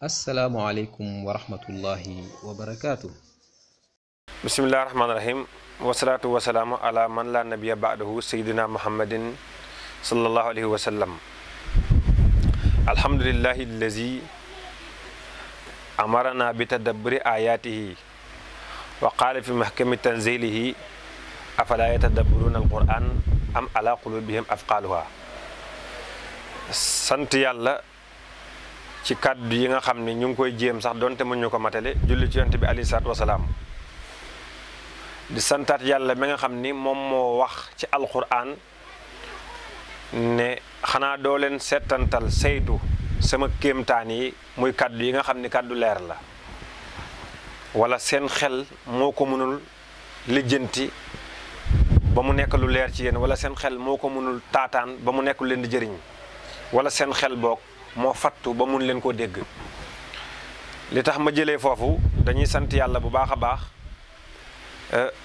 السلام عليكم ورحمة الله وبركاته بسم الله الرحمن الرحيم والصلاة والسلام على من لا نبي بعده سيدنا محمد صلى الله عليه وسلم الحمد لله الذي أمرنا بتدبر آياته وقال في محكم تنزيله أفلا يتدبرون القرآن أم على قلوبهم أفقالها سنتي الله ci kaddu yi nga xamni ñu ngi koy jëm sax donte mënuñu ko matalé julli ci yonte bi aleyhi salaatu wasalaam di santat yalla mi nga xamni mom mo wax ci alquran ne xana dolen len setantal saytu sama kemtani muy kaddu yi nga xamni kaddu leer la wala sen xel moko mënul lijeenti ba mu nekk lu leer ci yeen wala sen xel moko mënul taataan ba mu nekk lu leen di jëriñ wala sen xel bok mo fatu ba mun len ko deg li tax ma jele fofu dañuy sante yàlla bu baax a baax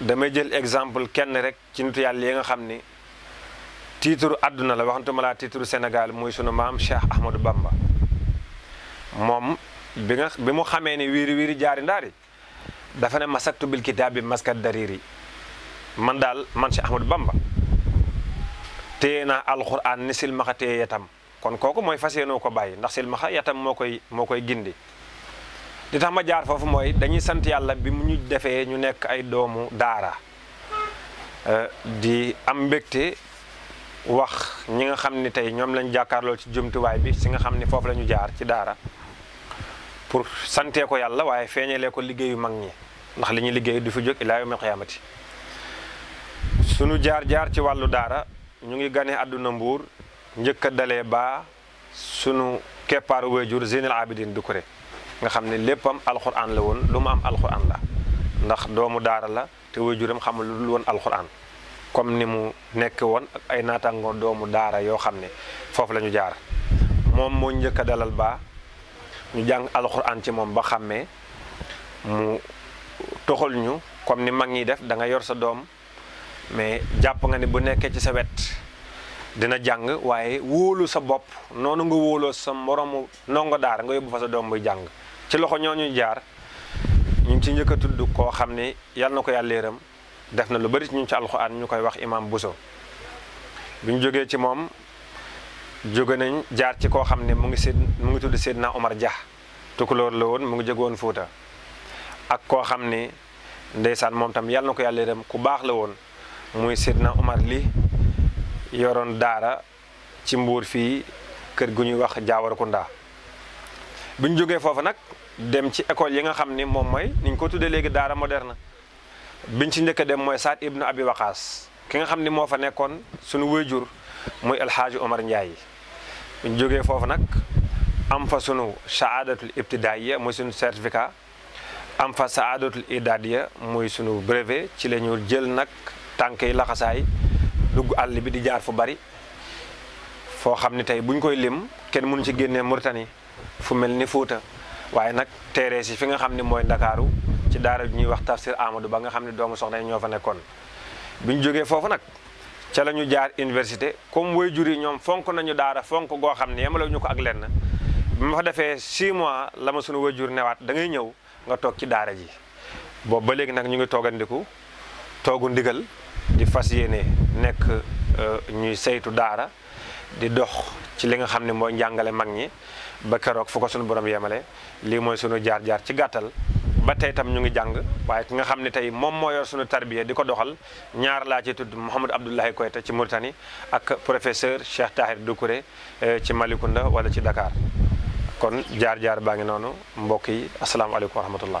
damay jël exemple kenn rek ci nitu yàlla yi nga xamni titre aduna la waxantuma la titre Sénégal moy sunu mam Cheikh Ahmadou Bamba mom bi nga bi mu xamé ni wiiri wiiri jaari ndari da fa ne masaktu bil kitaab maskat dariri man dal man Cheikh Ahmadou Bamba teena alquran nisil makate yatam kon kooku mooy fas yéenoo ko bàyyi ndax silmaxa yatam moo koy moo koy gindi li tax ma jaar foofu mooy dañuy sant yàlla bi mu ñu defee ñu nekk ay doomu daara euh, di am mbégte wax ñi nga xam ni tey ñoom lañ jàkkaarloo ci jumtuwaay bi si nga xam ni foofu lañu jaar ci daara pour santee ko yàlla waaye feeñalee ko liggéeyu mag ñi ndax li ñuy liggéey du fi jóg ilaa yawmil qiyaamati sunu jaar jaar ci wàllu daara ñu ngi gane àdduna mbuur njëkk a dalee baa sunu keppaaru wayjur Zeynal Abidin Doucouré nga xam ne léppam alxuraan la woon lu mu am alxuraan la ndax doomu daara la te wayjuram xamul lu woon alxuraan comme ni mu nekk woon ak ay naataango doomu daara yoo xam ne foofu la ñu jaar moom moo njëkk a dalal ba ñu jàng alxuraan ci moom ba xàmmee mu toxal ñu comme ni mag ñi def da nga yor sa doom mais jàpp nga ne bu nekkee ci sa wet dina jàng waaye wóolu sa bopp noonu nga wóoloo sa moroomu ndongo daara nga yóbbu fa sa doom buy jàng ci loxo ñoo ñuy jaar ñu ngi ci njëkk tudd koo xam ne yàlla na ko yàlla yërëm def na lu bari ci ñun ci alxuraan ñu koy wax imam Bousso bi ñu jógee ci moom jóge nañ jaar ci koo xam ne mu ngi seed mu ngi tudd Seydina Omar Dia tukulóor la woon mu ngi jógoon Fuuta ak koo xam ne ndeysaan moom tam yàlla na ko yàlla ku baax la woon muy Seydina Omar Ly yoroon daara ci mbuur fii kër gu ñuy wax Jaawarakunda bi ñu jógee foofa nag dem ci école yi nga xam ni moom mooy niñ ko tuddee léegi daara moderne biñ ci njëkk a dem mooy Saad Ibnu Abi Waqaas ki nga xam ni moo fa nekkoon suñu wéyjur muy alxaaji Omar Ndiaye bi ñu jógee foofu nag am fa sunu saadatul ibtidaaya muy sunu certificat am fa saadatul idaadiya muy sunu brevet ci la ñu jël nag tànk yi laxasaay dugg àll bi di jaar fu bari foo xam ni tey buñ koy lim kenn mënu ci génnee Mauritanie fu mel ni Fuuta waaye nag teeree si fi nga xam ni mooy Ndakaaru ci daara ju ñuy wax tafsir Amadou Ba nga xam ne doomu soxna yi ñoo fa nekkoon bu ñu jógee foofu nag ca la ñu jaar université comme waajur yi ñoom fonk nañu daara fonk goo xam ne yemalaw ñu ko ak lenn bi ma fa defee 6 mois la ma sunu waajur newaat da ngay ñëw nga toog ci daara ji boobu ba léegi nag ñu ngi toogandiku toogu ndigal di fas yéene nekk euh, ñuy saytu daara di dox ci li nga xam ne mooy njàngale mag ñi ba keroog fu ko sunu borom yemale lii mooy sunu jaar-jaar ci gàttal ba tey tam ñu ngi jàng waaye ki nga xam ne tey moom moo yor sunu tarbiya di ko doxal ñaar laa ci tudd Mouhamed Abdoulahi Koyta ci Mauritanie ak professeur Cheikh Tahir Doucouré euh, ci Malicounda wala ci dakaar kon jaar-jaar baa ngi noonu mbokk yi asalaamaaleykum wa